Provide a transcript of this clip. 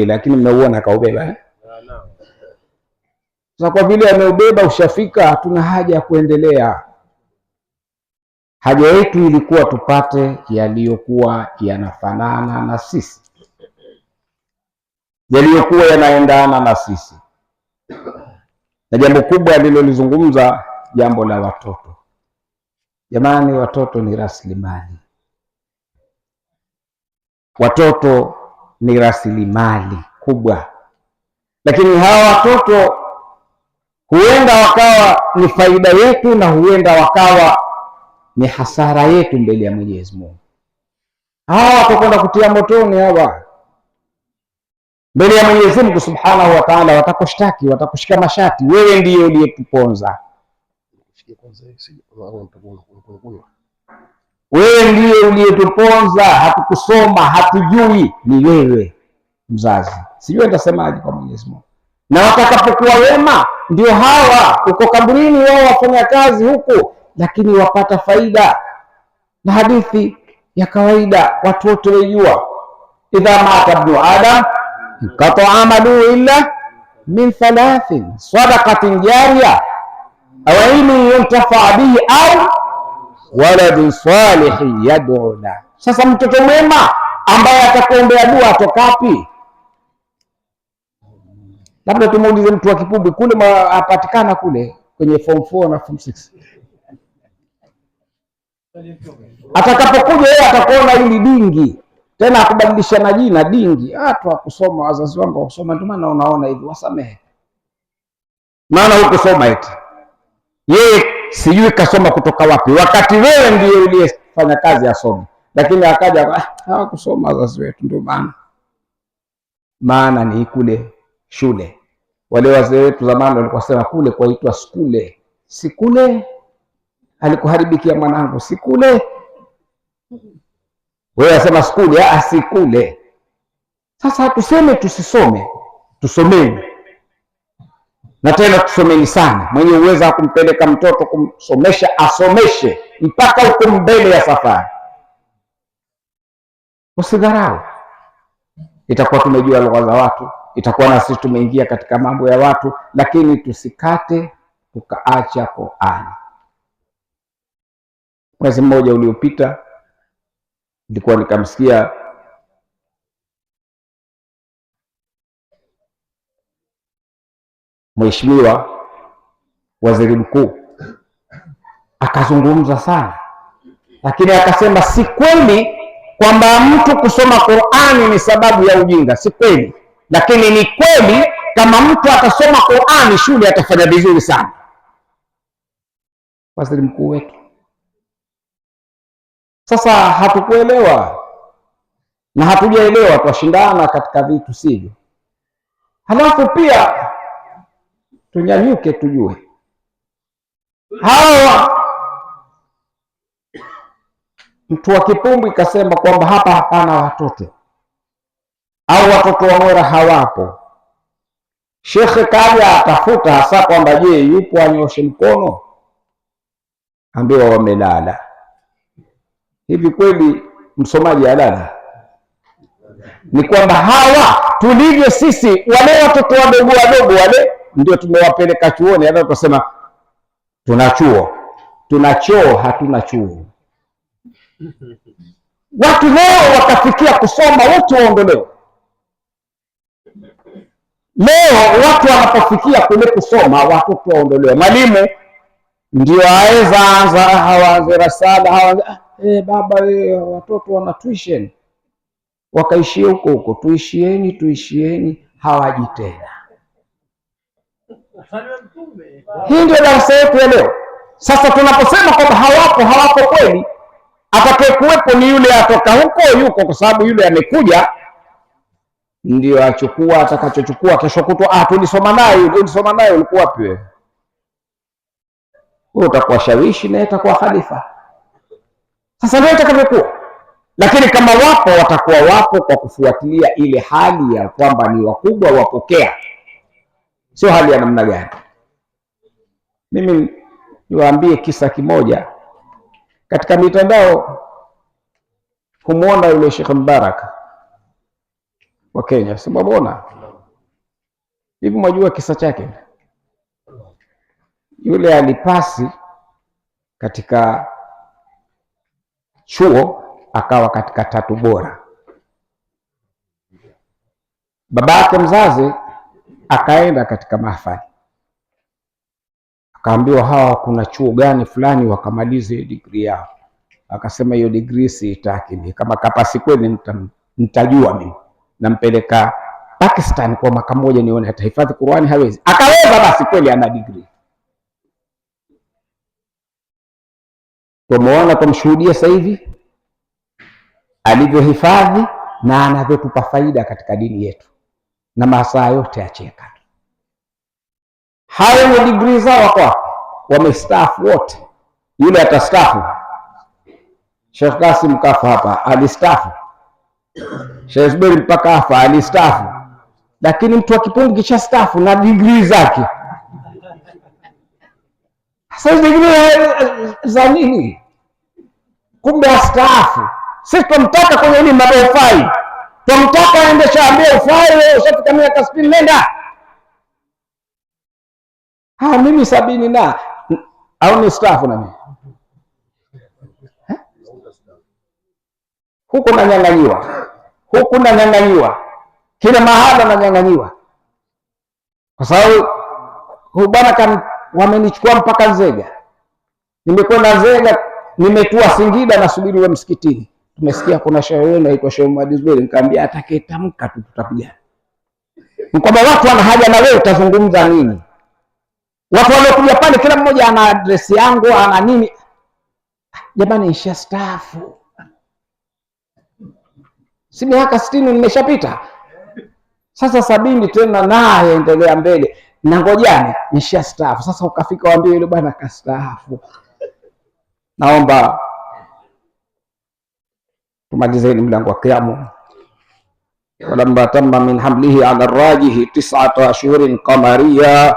kweli, lakini mmeuona akaubeba. Eh? Sasa kwa vile ameubeba ushafika, hatuna haja ya kuendelea. Haja yetu ilikuwa tupate yaliyokuwa yanafanana na sisi, yaliyokuwa yanaendana na sisi. Na jambo kubwa alilolizungumza jambo la watoto. Jamani, watoto ni rasilimali. Watoto ni rasilimali kubwa, lakini hawa watoto huenda wakawa ni faida yetu na huenda wakawa ni hasara yetu mbele ya Mwenyezi Mungu. Hawa watakwenda kutia motoni hawa mbele ya Mwenyezi Mungu Subhanahu wa Ta'ala, watakushtaki, watakushika mashati, wewe ndiye uliyetuponza. Wewe ndiye uliyetuponza, hatukusoma, hatujui. Ni wewe mzazi. Sijui nitasemaje kwa Mwenyezi Mungu. Na watakapokuwa wema ndio hawa uko kaburini, wao wafanya kazi huku, lakini wapata faida. Na hadithi ya kawaida watu wote wajua, idha mata bnu adam inqata amalu illa min thalathin sadaqatin jariya au ilmin bihi au waladu salihi yaduna. Sasa mtoto mwema ambaye atakuombea dua atokapi? Labda tumuulize mtu wa Kipumbi kule apatikana kule kwenye form 4 na form 6 atakapokuja yeye atakuona hili dingi tena akubadilisha na jina dingi. Hata ah, akusoma wazazi wangu wakusoma, ndio maana unaona hivi, wasamehe, maana hukusoma eti yeye sijui kasoma kutoka wapi, wakati wewe ndiye uliyefanya kazi asome, lakini akaja ah, hawakusoma wazazi wetu. Ndio maana maana ni kule shule, wale wazee wetu zamani walikuwa sema kule kwaitwa skule. Sikule alikuharibikia mwanangu, sikule wewe asema skule, ah, sikule. Sasa hatuseme tusisome, tusomeni na tena tusomeni sana. Mwenye uwezo wa kumpeleka mtoto kumsomesha asomeshe mpaka huko mbele ya safari, usidharau. Itakuwa tumejua lugha za watu, itakuwa na sisi tumeingia katika mambo ya watu, lakini tusikate tukaacha Qurani. Mwezi mmoja uliopita nilikuwa nikamsikia Mheshimiwa Waziri Mkuu akazungumza sana, lakini akasema si kweli kwamba mtu kusoma Qur'ani ni sababu ya ujinga. Si kweli, lakini ni kweli kama mtu atasoma Qur'ani shule atafanya vizuri sana. Waziri mkuu wetu sasa hatukuelewa na hatujaelewa, twashindana katika vitu sivyo. Halafu pia tunyanyuke tujue hawa. Mtu wa Kipumbwi ikasema kwamba hapa hapana watoto au watoto wamwera hawapo. Shekhe kaja atafuta hasa kwamba je, yupo anyoshe mkono, ambiwa wamelala. Hivi kweli msomaji alala? Ni kwamba hawa tulivyo sisi, wale watoto wadogo wadogo wale ndio tumewapeleka chuoni, hata tukasema tuna chuo tuna choo, hatuna chuo. Watu leo wakafikia kusoma wote waondolewe. Leo watu wanapofikia kule kusoma watoto waondolewe. Mwalimu ndio aweza anza, hawaanze rasala, hawa, ah, eh, baba we, eh, watoto wana tuition, wakaishie huko huko, tuishieni, tuishieni, hawaji tena. Hii ndio darasa yetu ya leo. Sasa tunaposema kwamba hawapo, hawapo kweli, atakayekuwepo ni yule atoka huko yuko, kwa sababu yule amekuja ndio achukua atakachochukua kesho kutwa. Ah, tulisoma naye yule, tulisoma naye, ulikuwa wapi wewe? Wewe utakuwa shawishi na itakuwa khalifa. Sasa ndio itakavyokuwa, lakini kama wapo, watakuwa wapo kwa kufuatilia ile hali ya kwamba ni wakubwa wapokea sio hali ya namna gani. Mimi niwaambie kisa kimoja, katika mitandao humwona yule Sheikh Mbaraka wa Kenya, simwamwona hivi? Mwajua kisa chake? Yule alipasi katika chuo akawa katika tatu bora. Baba yake mzazi akaenda katika mahafali, akaambiwa hawa kuna chuo gani fulani wakamalize hiyo digrii yao. Akasema hiyo digrii siitaki mimi, kama kapasi kweli nitajua mimi, nampeleka Pakistan kwa mwaka mmoja nione atahifadhi Qur'ani. Hawezi, akaweza basi, kweli ana digrii Tumeona tumshuhudia sasa hivi alivyohifadhi na anavyotupa faida katika dini yetu na masaa yote acheka. Hayo ni digrii zao, wako wamestaafu wote. Yule atastaafu. Sheikh Kasim kafa hapa, alistaafu. Sheikh Zuberi mpaka afa, alistaafu. Lakini mtu wa kisha staafu na digrii zake sasa digrii za nini? Kumbe astaafu, sisi tunamtaka kwenye elimu mabofai Wamtaka aendesha ambia ufai, ushafika miaka sitini, nenda. Ha, mimi sabini na au ni stafu na mimi huku nanyang'anyiwa, huku nanyang'anyiwa, kila mahala nanyang'anyiwa, kwa sababu huyu bwana wamenichukua mpaka Nzega. na Nzega, nimetua Singida, nasubiri wa msikitini tumesikia kuna shauri inaitwa Shehe Muhammad Zuberi, nikamwambia atakayetamka tu tutapigana. Ni kwamba watu wana haja na wewe, utazungumza nini? Watu waliokuja pale, kila mmoja ana address yangu, ana nini. Jamani, nisha staafu, si miaka sitini nimeshapita, sasa sabini tena naye endelea mbele na ngojani, nisha staafu sasa. Ukafika waambie yule bwana kastaafu, naomba tumalizeni mlango wa kiamu. Walamma tamma min hamlihi ala rajihi tis'ata ashhurin qamariya